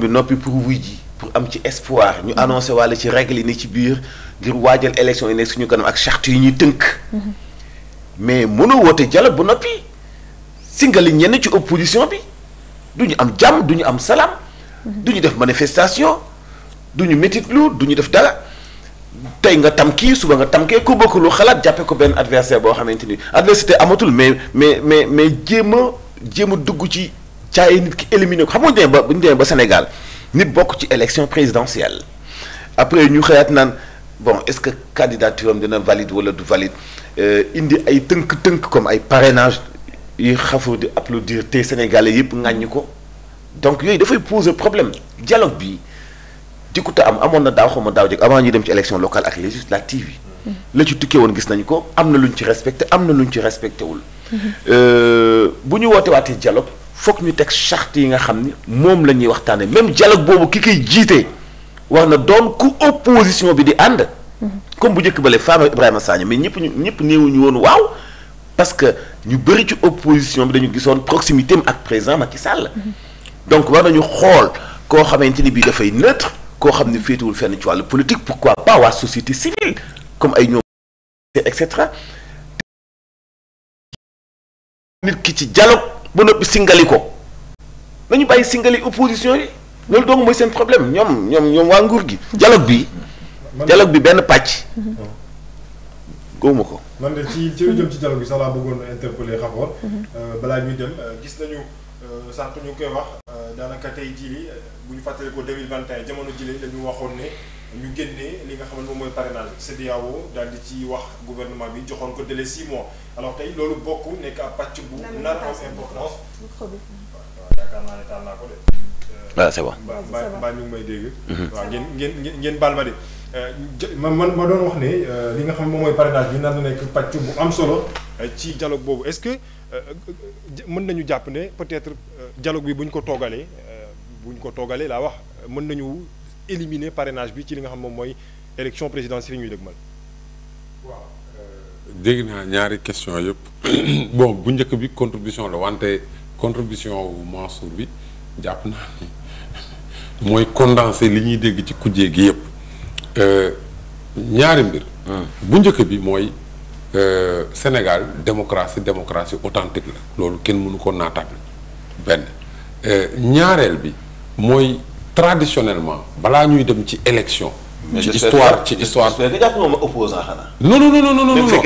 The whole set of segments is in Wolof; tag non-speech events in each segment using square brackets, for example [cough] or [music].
bi noppi pour wuy ji pour am ci espoir ñu annoncé wàlla ci règle yi ci biir ngir waajal élection yi nekk suñu kanam ak charte yi ñuy tënk mm-hmm. mais mënoo woote dialogue ba noppi singali ñenn ci opposition bi duñu am jàmm duñu am salaam mm-hmm. du ñu def manifestation duñu ñu métitlu du ñu def dara tey nga tam kii suba nga tam kee ku bokk lu xalaat jàppe ko benn adversaire boo xamante ni adversité amatul mais mais mais mais jéem a jéem a dugg ci caay nit ki éliminé ko xam nga bu ñu demee ba bu ñu demee ba Sénégal nit bokk ci élection présidentielle après ñu xëyaat naan bon est-ce que candidature am dina valide wala du valide euh, indi ay tënk-tënk comme ay parrainage yi xafu di applaudir te Sénégalais yëpp ŋàññi ko donc yooyu dafay poser problème dialogue bi dikkuta am amoon na daaw xaw ma daaw jëkk avant ñu dem ci élection locale ak législative yi. Mm-hmm. la ci tukkee woon gis nañu ko am na lu luñ ci respecté am na lu luñ ci respecté wul. Mm-hmm. Euh, bu ñu woote waatee dialogue foog ñu teg charte yi nga xam ni moom la ñuy waxtaanee même dialogue boobu ki koy jiite wax na doon ku opposition bi di ànd. comme bu njëkk bale Fama Ibrahima Sagna mais ñëpp ñu ñëpp néewuñu woon waaw parce que ñu bari ci opposition bi dañu gisoon proximité am ak président Macky sàll donc war nañu xool koo xamante ni bii dafay neutre koo xam ni féetewul fenn ci wàll politique pourquoi pas waa société civile comme ay ñoom et cetera nit ki ci dialogue ba noppi singali ko nañu bàyyi singali opposition yi loolu donc mooy seen problème ñoom ñoom ñoom waa nguur gi dialogue bi dialogue bi benn pàcc mhm. gëwuma ko man de ci ci jëm ci dialogue bi sax laa bëggoon interpeller xamoor mhm. euh, balaa ñuy dem euh, gis nañu euh, sànq ñu koy wax daanaka tey jii bu ñu fàttali ko 2021 jamono jii lañu waxoon ne ñu génnee li nga xamante moom mooy pare parrainage CEDEAO daal di ci wax gouvernement bi joxoon ko délai 6 mois alors tey loolu bokk nekk ab pàcc bu. nar am importance. yaakaar naa ne taal naa ko de. waaw ah, c'est bon mbaa ñu ngi dégg. Mhm. waaw ngeen ngeen ngeen baal ma de. Euh, man ma doon wax ne euh, li nga xam moom mooy parrainage bi nar na nekk pàcc bu am solo euh, ci dialogue boobu est-ce que mën nañu jàpp ne peut-être dialogue bi bu ñu ko toogalee bu ñu ko toogalee laa wax mën nañu. éliminer parrainage bi ci li nga xam moom mooy élection présidentielle yi ñuy dëgmal. waaw euh, dégg naa ñaari question yëpp [coughs] bon bu njëkk bi contribution la wante contribution wu Mansour bi jàpp naa ni [laughs] mooy condenser li ñuy dégg ci kujjee gi yëpp euh, ñaari mbir. Hmm. bu njëkk bi mooy. Euh, Sénégal démocratie démocratie authentique la loolu kenn mënu ko naataat benn euh, ñaareel bi mooy traditionnellement balaa ñuy dem ci élection. mais ci histoire ci histoire. mais nga jàpp nga ma opposant xanaa. non non non non non non non non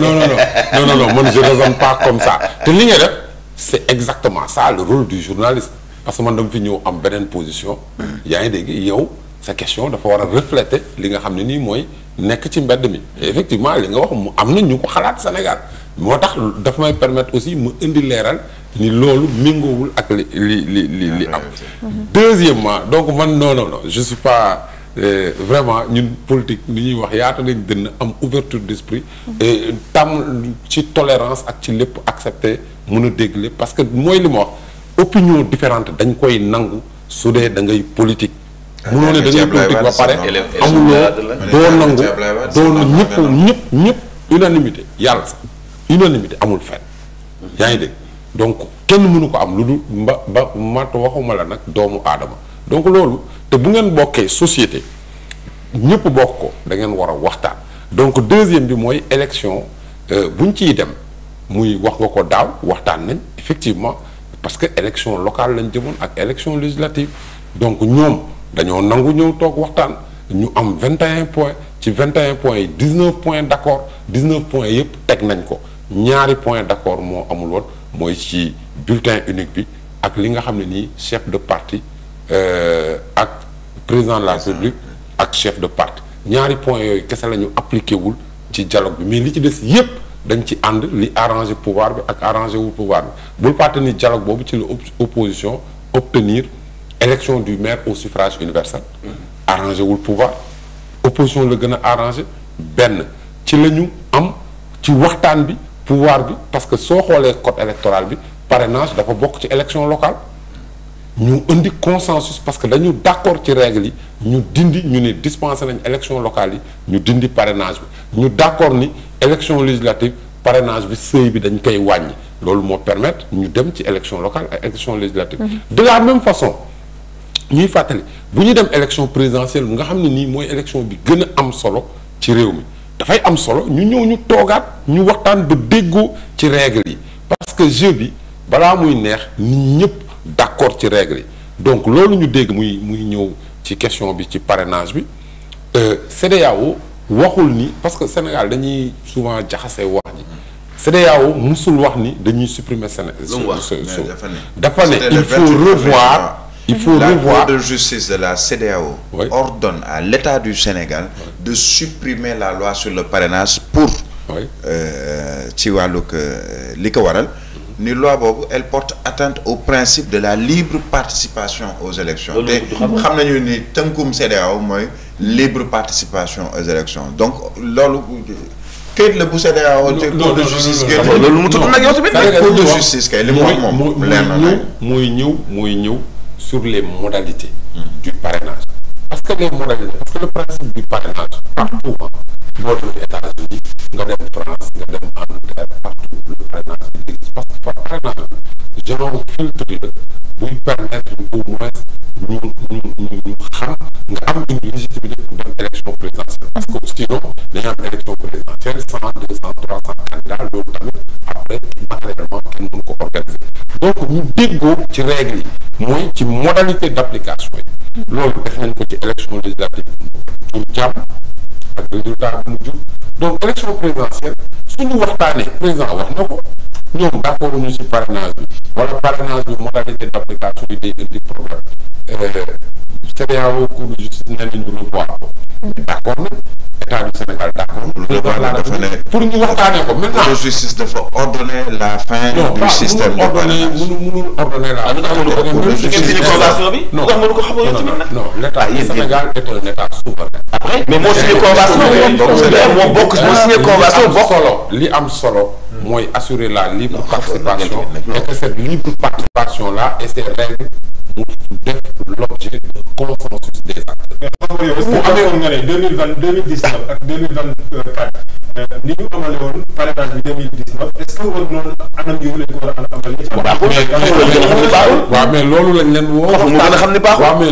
non non man je raisonne pas comme ça te li nga def c'est exactement ça le rôle du journaliste parce que man dama fi ñëw am beneen position. Mm-hmm. yaa ngi dégg yow sa question dafa war a refléter li nga xam ne nii mooy nekk ci mbedd mi. effectivement li nga wax mu am na ñu ko xalaat Sénégal moo tax dafa may permettre aussi mu indi leeral. ni loolu méngoowul ak li li li li am deuxièmement donc man non non non pas euh, vraiment ñun politique ni ñuy wax yaata nañ dënn am ouverture d'esprit et tam ci tolérance ak ci lépp accepter mën a dégg lépp parce que mooy li ma wax opinion différente dañ koy nangu su dee da ngay politique mënoo ne da ngay ba pare amuloo doo nangu doo ñëpp ñëpp ñëpp unanimité yàlla sax unanimité amul fenn yaa ngi dégg donc kenn mënu ko am lu du mba ba mat waxuma la nag doomu aadama donc loolu te bu ngeen bokkee société ñëpp bokk ko da ngeen war a waxtaan donc deuxième bi mooy bu euh, buñ ciy dem muy wax nga ko daaw waxtaan nañ effectivement parce que élection locale lañ jëmoon ak élection législative donc ñoom dañoo nangu ñëw toog waxtaan ñu am 21 point ci 21 point yi 19 points d' accord 19 point yëpp teg nañ ko ñaari point d' accord moo amul mooy ci bulletin unique bi ak li nga xam ne nii chef de parti euh, ak président de la république ak chef de parti ñaari point yooyu kese la ñu appliqué wul ci dialogue bi mais li ci des yépp dañ ci ànd li arrangé pouvoir bi ak arrangé wul pouvoir bi bul fàtte ni dialogue boobu ci la opposition obtenir élection du maire au suffrage universel mm-hmm. arrangé wul pouvoir opposition la gën a arrangé benn ci lañu am ci waxtaan bi pouvoir bi parce que soo xoolee code électoral bi parrainage dafa bokk ci élection local ñu indi consensus parce que dañu d'accord ci règles yi ñu dindi ñu ne dispensé nañ élection locale yi ñu dindi parrainage bi ñu d'accord ni élection législative parenage bi seuil bi dañ koy wàññi loolu moo permettre ñu dem ci élection locale ak élection législative mhm. de la même façon ñuy fàttali bu ñu dem élection présidentielle bu nga xam ne nii mooy élection bi gën a am solo ci réew mi dafay am solo ñu ñëw ñu toogaat ñu waxtaan ba déggoo ci règle yi parce que jeu bi balaa muy neex nit ñëpp d'accord ci règle yi donc loolu ñu dégg muy muy ñëw ci question bi ci parrainage bi euh, CEDEAO waxul ni parce que Sénégal dañuy souvent jaxase wax ji CEDEAO musul wax ni dañuy supprimer Séné. dafa ne il faut revoir. il faut la revoir la Cour de justice de la CEDEAO. Oui. ordonne à l'État du Sénégal. Oui. de supprimer la loi sur le parrainage pour euh, ci wàllug euh, li ko waral mm-hmm. ni loi boobu elle porte atteinte au principe de la libre participation aux élections te xam nañu ni tënkum CEDEAO mooy libre participation aux élections donc loolu këyit la bu CEDEAO te cour de justice kay loolu mu tudd li mu wax moom leer na mooy ñëw mooy ñëw sur les modalités mm. du parrainage parce que les moraliser parce que le principe du parrainage partout moo dem états nga dem France nga dem Angleterre partout le parrainage di dégg parce que par parrainage genre filtre la buy permettre au moins ñu ñu ñu xam nga am une légitimité pour dem élection présidentielle parce que sinon dañu am élection présidentielle cent loolu tamit après matériellement kenn mënu ko organiser donc ñu déggoo ci règle yi mooy ci modalité d' application loolu def nañ ko ci élection législative pour jàmm ak résultat bu mu jur donc élection présidentielle suñu waxtaanee président wax na ko ñoom d' accord ñu si parrainage bi wala parrainage bi modalité d' application yi day indi problème euh, CEDEAO cour de justice nee nañu revoir ko. d' accord nag état du Sénégal d' accord. pour ñu waxtaanee ko maintenant. cour de justice dafa ordonner la fin. du système de parrainage mënul mënul ordonner la. non non l' état du Sénégal est un état souverain. après mais moo signé convention. donc moo bokk moo signé convention bokk. li am solo li am solo. mooy assurer la libre participation et que cette libre participation là et ces règles mu def l'objet de consensus des acteurs. bu amee woon nga ne deux mille vingt deux mille dix neuf ak deux mille vingt quatre euh, ni ñu amale woon parrainage bi deux a mais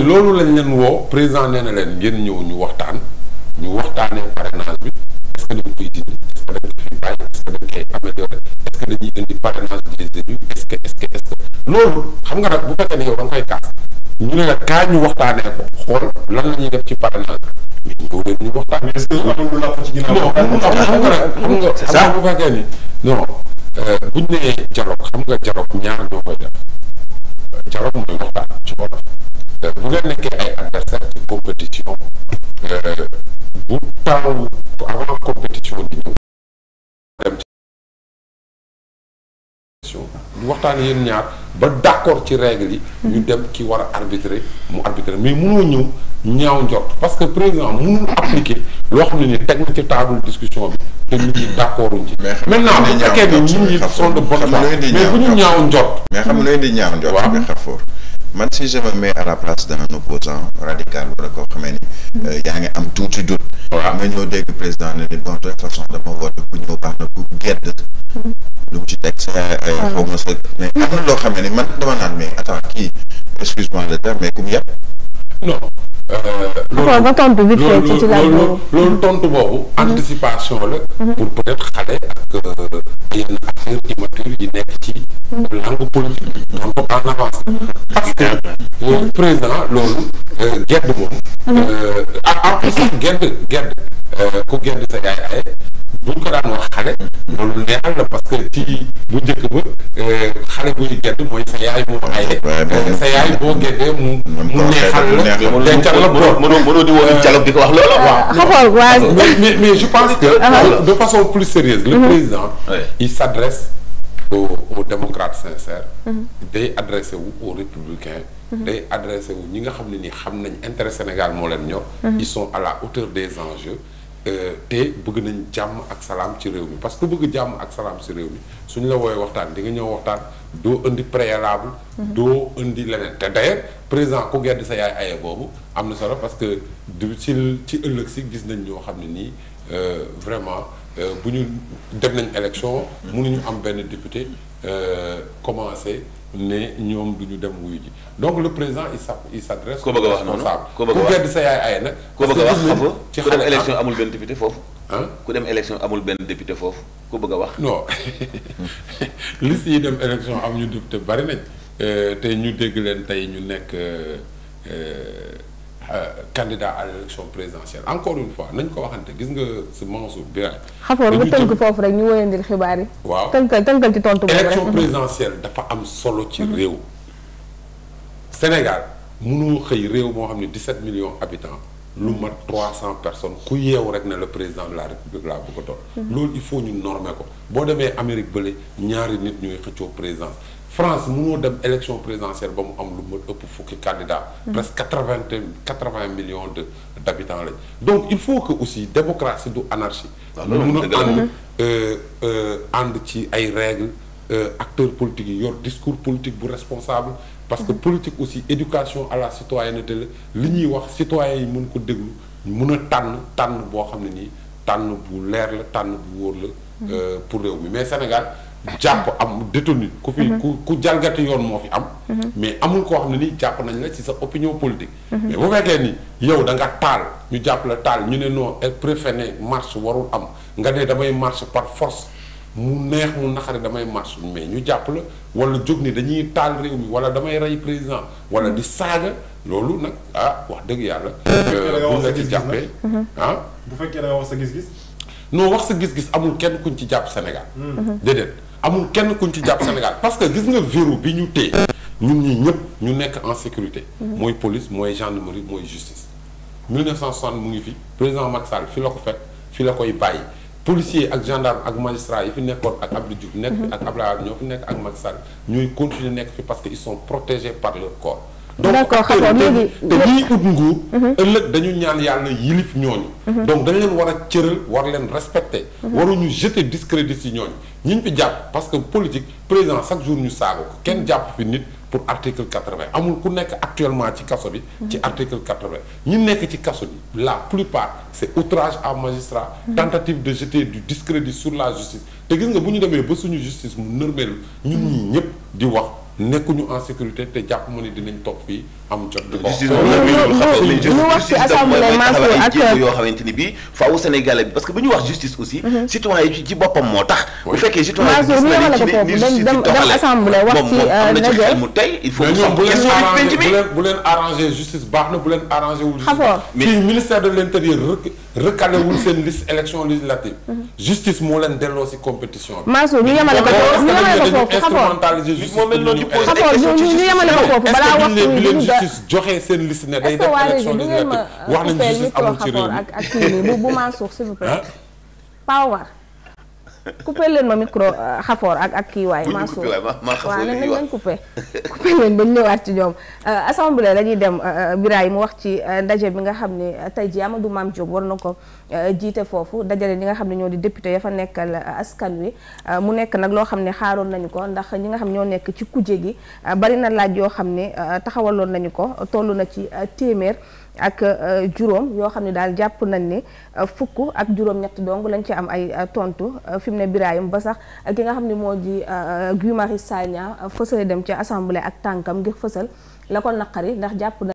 loolu lañ leen woo. président nee leen ngeen ñëw ñu waxtaan ñu waxtaanee parrainage bi est ce que dañ koy dindi que dañuy indi parrainage des élus que est ce que loolu xam nga nag bu fekkee ne yow da koy kaas ñu ne la kaa ñu waxtaanee ko xool lan la ñuy def ci parrainage bi mais ñu waxtaanee. est ce que amul lu làpp ci ginnaaw. non xam nga nag xam nga. c'est ça bu fekkee ni non euh, buñ nee dialogue xam nga dialogue ñaar ñoo koy def dialogue mooy waxtaan ci wolof euh, bu ngeen nekkee ay adversaire compétition euh, bu taw compétition di constitution ñu waxtaan yéen ñaar ba d'accord ci règle yi ñu dem ki war a arbitrer mu arbitrer mais mënoo ñëw ñaaw njort parce que président mënul appliquer loo xam ne ni teg na ci table discussion bi te nit ñi d'accorduñ ci maintenant bu fekkee ni nit ñi sont de bonne foi mais ñaaw njort mais xam nga di ñaaw njort bi man si je me mets à la place d'un opposant radical wala koo xamee ni euh, yaa ngi am tuuti dut waaw nga ñëw dégg président ne ni bon de toute façon dama voté ku ñëw baax na ku gedd lu mm-hmm. mu ci teg sa ay xaw ma sa mais am na loo xamee ni man dama naan mais attends kii excuse-moi le terme mais ku yàpp non. Euh, loolu tontu boobu loolu mhm. tontu la. Mhm. pour peut-être xale ak euh, yenn acteurs immatures yi nekk ci. Mhm. langue politique tontu en avance. parce président loolu euh, gedd moom. ah ah gedd gedd ku gedd sa yaay ay. buñ ko daan wax xale loolu neexal la parce que ci bu njëkk ba eh, xale buy gedd mooy sa yaay moo aye sa yaay boo geddee mu mu neexal la dencal la boo mënoo mënoo di woo euh, dialogue di ko wax loolu waaw ah, ah, ah, mais mais je pense que de façon plus sérieuse le mm-hmm. président il s'adresse aux aux démocrates sincères mm-hmm. day adressé wu aux républicains mm-hmm. day adressé wu ñi nga xam ne ni xam nañ intérêt Sénégal moo leen ñor ils sont à la hauteur des enjeux Euh, te bëgg nañ jàmm ak salaam ci réew mi parce que bëgg jàmm ak salaam ci réew mi suñ la wooyee waxtaan di nga ñëw waxtaan doo indi préalable. Mhm. doo indi leneen te d'ailleurs président ku gedd sa yaay aye boobu am na solo parce que du ci ci ëllëg si gis nañ ñoo xam ne nii euh, vraiment euh, bu ñu dem nañ élection. Mhm. mënuñu am benn député commencé. ne ñoom du ñu dem wuyu ji donc le président il sa il s'adresse ko bëgg a wax noonu ko bëgg a wax ku gedd sa yaay ay nag ko bëgg a wax xam nga ku dem ah. amul benn député foofu ah ku dem élection amul benn député foofu ko bëgg a wax non [laughs] liste yi dem élection am ñu député bari nañ euh, te ñu dégg leen tey ñu nekk euh, euh, Euh, candidat à l' élection présidentielle encore une fois nañ ko waxante gis nga si Mansour Birame. xafoor nga tënk foofu rek ñu wëyandil xibaar yi. waaw tënkal tënkal ci tontu boobu élection mhm. présidentielle dafa am solo ci mhm. réew. Sénégal mënoo xëy réew moo xam ne 17 millions habitants lu mhm. mat 300 personnes ku yeewu rek ne la président de la république laa bëgg a doon. loolu il faut ñu normer ko boo demee Amérique bële ñaari nit ñooy xëccoo présidence. France mënoo dem élection présidentielle ba mu am lu ma ëpp fukki candidat mm-hmm. presque quatre-vingt quatre-vingt millions de d'habitants lañ donc il faut que aussi démocratie du anarchie ah, mun a ànd mm-hmm. euh, euh, ànd ci ay règles euh, acteurs politiques yi yor discours politique bu responsable parce que mm-hmm. politique aussi éducation à la citoyenneté la li ñuy wax citoyens yi mën ko déglu mun a tànn tànn boo xam ne nii tànn bu leer la tànn bu wóor la pour réew mi mais Sénégal jàpp am détenu ku fi mhm. ku ku jalgati yoon moo fi am mhm. mais amul koo xam ne nii jàpp nañ la ci sa opinion politique mhm. mais bu fekkee ni yow da nga taal ñu jàpp la taal ñu ne non préféré marche warul am nga ne damay marche par force mu neex mu naxare damay marche mais ñu jàpp la wala jóg ni dañuy taal réew mi wala damay rey président wala di saaga loolu nag ah wax dëgg yàlla bu nga euh, ci ah. bu fekkee da wax sa gis-gis noo wax sa gis-gis amul kenn kuñ ci jàpp Sénégal amul kenn kuñ ci jàpp Sénégal parce que gis nga verrou bi ñu téye ñun ñi ñëpp ñu nekk en sécurité mhm. mooy police mooy gendarmerie mooy justice 1960 mu ngi fi président Macky Sall fi la ko fekk fi la koy bàyyi policier ak gendarme ak magistrat yi fi nekkoon ak Abdou Diouf nekk fi mhm. ak ñoo fi nekk ak Macky Sall ñooy continuer nekk fi parce que ils sont protégés par leur corps d'accord xam nga léegi te ñiy ut nguur. Mhm. ëllëg dañu ñaan yàlla yilif ñooñu. Mhm. donc dañ leen war a cëral war leen respecter. Mhm. waruñu jeter discrédit ci ñooñu ñi ñu fi jàpp parce que politique président chaque jour ñu saago ko kenn jàpp fi nit pour article quatre-vingt amul ku nekk actuellement ci kaso bi. ci article quatre-vingt ñi nekk ci kaso bi la plupart c'est outrage à magistrat. tentative de jeter du discrédit sur la justice te gis nga bu ñu demee ba suñu justice mu nërmeelu ñu ñii ñëpp di wax. nekkuñu en sécurité te jàpp ma ne dinañ topp fii am jot. bon ñu wax moo assemblée Mansour ak euh, yoo xamante ni bii faaw Sénégalais bi parce que bu ñu wax justice aussi. Mhm. citoyen yi ci boppam moo tax. bu fekkee jutóo yi gis nañu ci ni justice di doxalee moom moom am euh, bu leen bu leen arrangé justice baax na bu leen arrangé wul. mais fii ministère de l' intérieur recalé wul seen liste élection législative. justice moo leen delloo si compétition bi. Mansour ñu yemale ko foofu ñu yemale ko foofu instrumentaliser justice moom mel noonu posé ay questions ci justice bi leen justice joxee seen liste ne day def élection législative wax nañu justice amul ci réew mi. coupé leen ma micro xafoor euh, ak ak kii waay. maa suuf nañ leen coupé. coupé leen ba ñu ñëwaat ci ñoom. Euh, assemblée la ñuy dem euh, Biray mu wax ci ndaje bi nga xam ne tey jii Amadou Mame Diop war na ko jiite foofu dajale ñi nga xam ne ñoo di député ya fa nekkal askan wi mu nekk nag loo xam ne xaaroon nañu ko ndax ñi nga xam ñoo nekk ci kuje gi bari na laaj yoo xam ne taxawaloon nañu ko toll na ci téeméer. ak euh, juróom yoo xam ne daal jàpp nañ ne euh, fukk ak juróom ñett dong lañ ci am ay euh, tontu fi mu ne Birahim ba sax ki nga xam ni moo di Guy Marius Sagna fësale dem ci assemblée ak tànkam ngir fësal la ko naqari ndax jàpp na